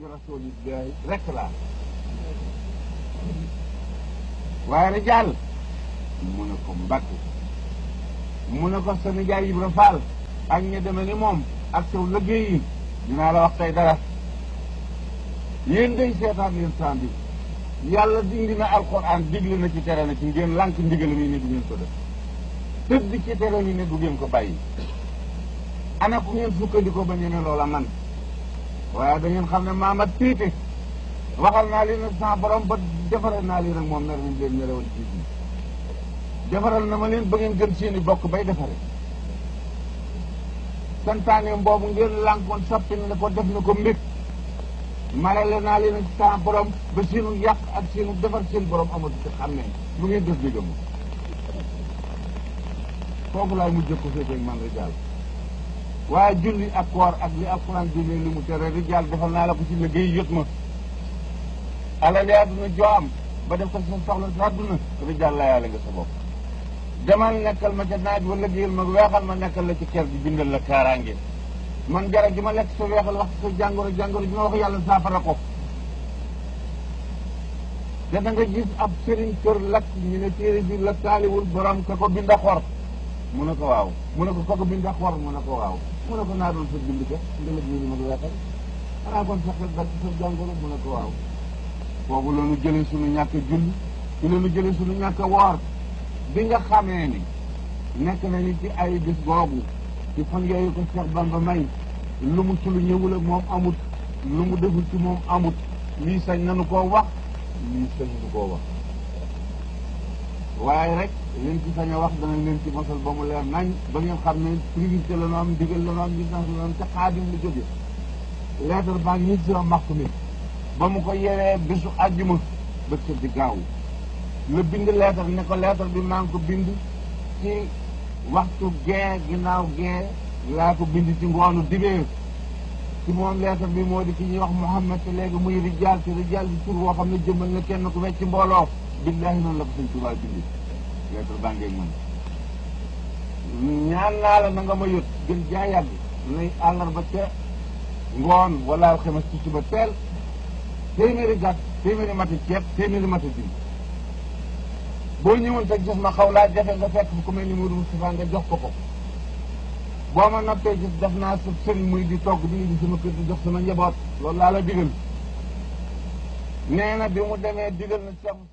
li rasulillahi laa waaye na jàll mu ne ko mbàkke mu ne ko sa nijaay Ibra Faal ak ña deme ni moom ak saw liggéey yi dinaa la wax tey dara yéen day seetaan leen temps yàlla dindi na alquran digle na ci tere na ci ngeen lank ndigal mi ne du ngeen ko def tëdd ci tere mi ne ngeen ko bàyyi ana ku ngeen sukkandiku ba ñu ne loola man waaye da ngeen xam ne Mamat siiti waxal naa leen nag sama borom ba defaral naa leen ak moom mer nañ leen merewoon siiti defaral na ma leen ba ngeen gën seeni bokk bay defare santaaneem boobu ngeen lànkoon soppi na ko def na ko mbir marale naa leen ak sama borom ba seenu yàq ak seenu defar seen borom amatu ci xam ne lu ngeen def di gëm kooku mu mujjee ko féetee man la waaye julli ak koor ak li alxuraan julli li mu tere rijaal defal naa la ko ci liggéey yët ma alal yaa duna ba def ko sa soxla sa àdduna rijaal la yàlla nga sa bopp nekkal ma ca naaj wa liggéeyal ma weexal ma nekkal la ci kër gi bindal la kaaraange man jara ji ma lekk sa weexal wax sa jàngoro jàngoro ji ma wax yàlla saafara ko te da nga gis ab sëriñ kër lakk ñu ne téere bi la taaliwul borom ka ko binda xor mu ne ko waaw mu ne ko kooku bi ndax war mu ne ko waaw mu ne ko naa doon sa bind kat ndëlëg ni ma weexal xanaa kon sax rek sa jàngoro mu ne ko waaw boobu loolu jëlee suñu ñàkk a julli loolu jëlee suñu ñàkk a bi nga xamee ni nekk nañu ci ay bis boobu ci fan yooyu ko Cheikh Bamba may lu mu ci lu ñëwul ak moom amut lu mu deful ci moom amut lii sañ nanu ko wax lii sañ nu koo wax waaye rek leen ci sañ wax danañ leen ci mosal ba mu leer nañ ba ngeen xam ne privilège la ñu am ndigal la ñu am licence la ñu am ca xaadim lu jóge lettre baa ngi si wax maxtu mi ba mu ko yeree bisu àjjuma bëccëg di gaaw la bind lettre ne ko lettre bi maa ngi ko bind ci waxtu gee ginnaaw gee laa ko bind ci ngoonu dibéer ci moom lettre bi moo di ki ñuy wax Muhammad te léegi muy rijaal ci rijaal bi tur woo xam ne jëmmal na kenn ku wecc mbooloo billaahi noonu la ko sëñ bi bindi lettre baa ngeeg man ñaan naa la na ma yót gën jaa yàgg nay àllarba ca ngoon wala alxames ci suba teel téeméeri gàtt téeméeri matu ceeb téeméeri matu din boo ñëwoon te gis ma xaw laa jafe nga fekk fu ku mel ni Modou Moustapha nga jox ko ko boo ma noppee gis def naa sëb sëriñ muy di togg di indi sama kër di jox sama njaboot loolu laa la digal nee na bi mu demee digal na ceeb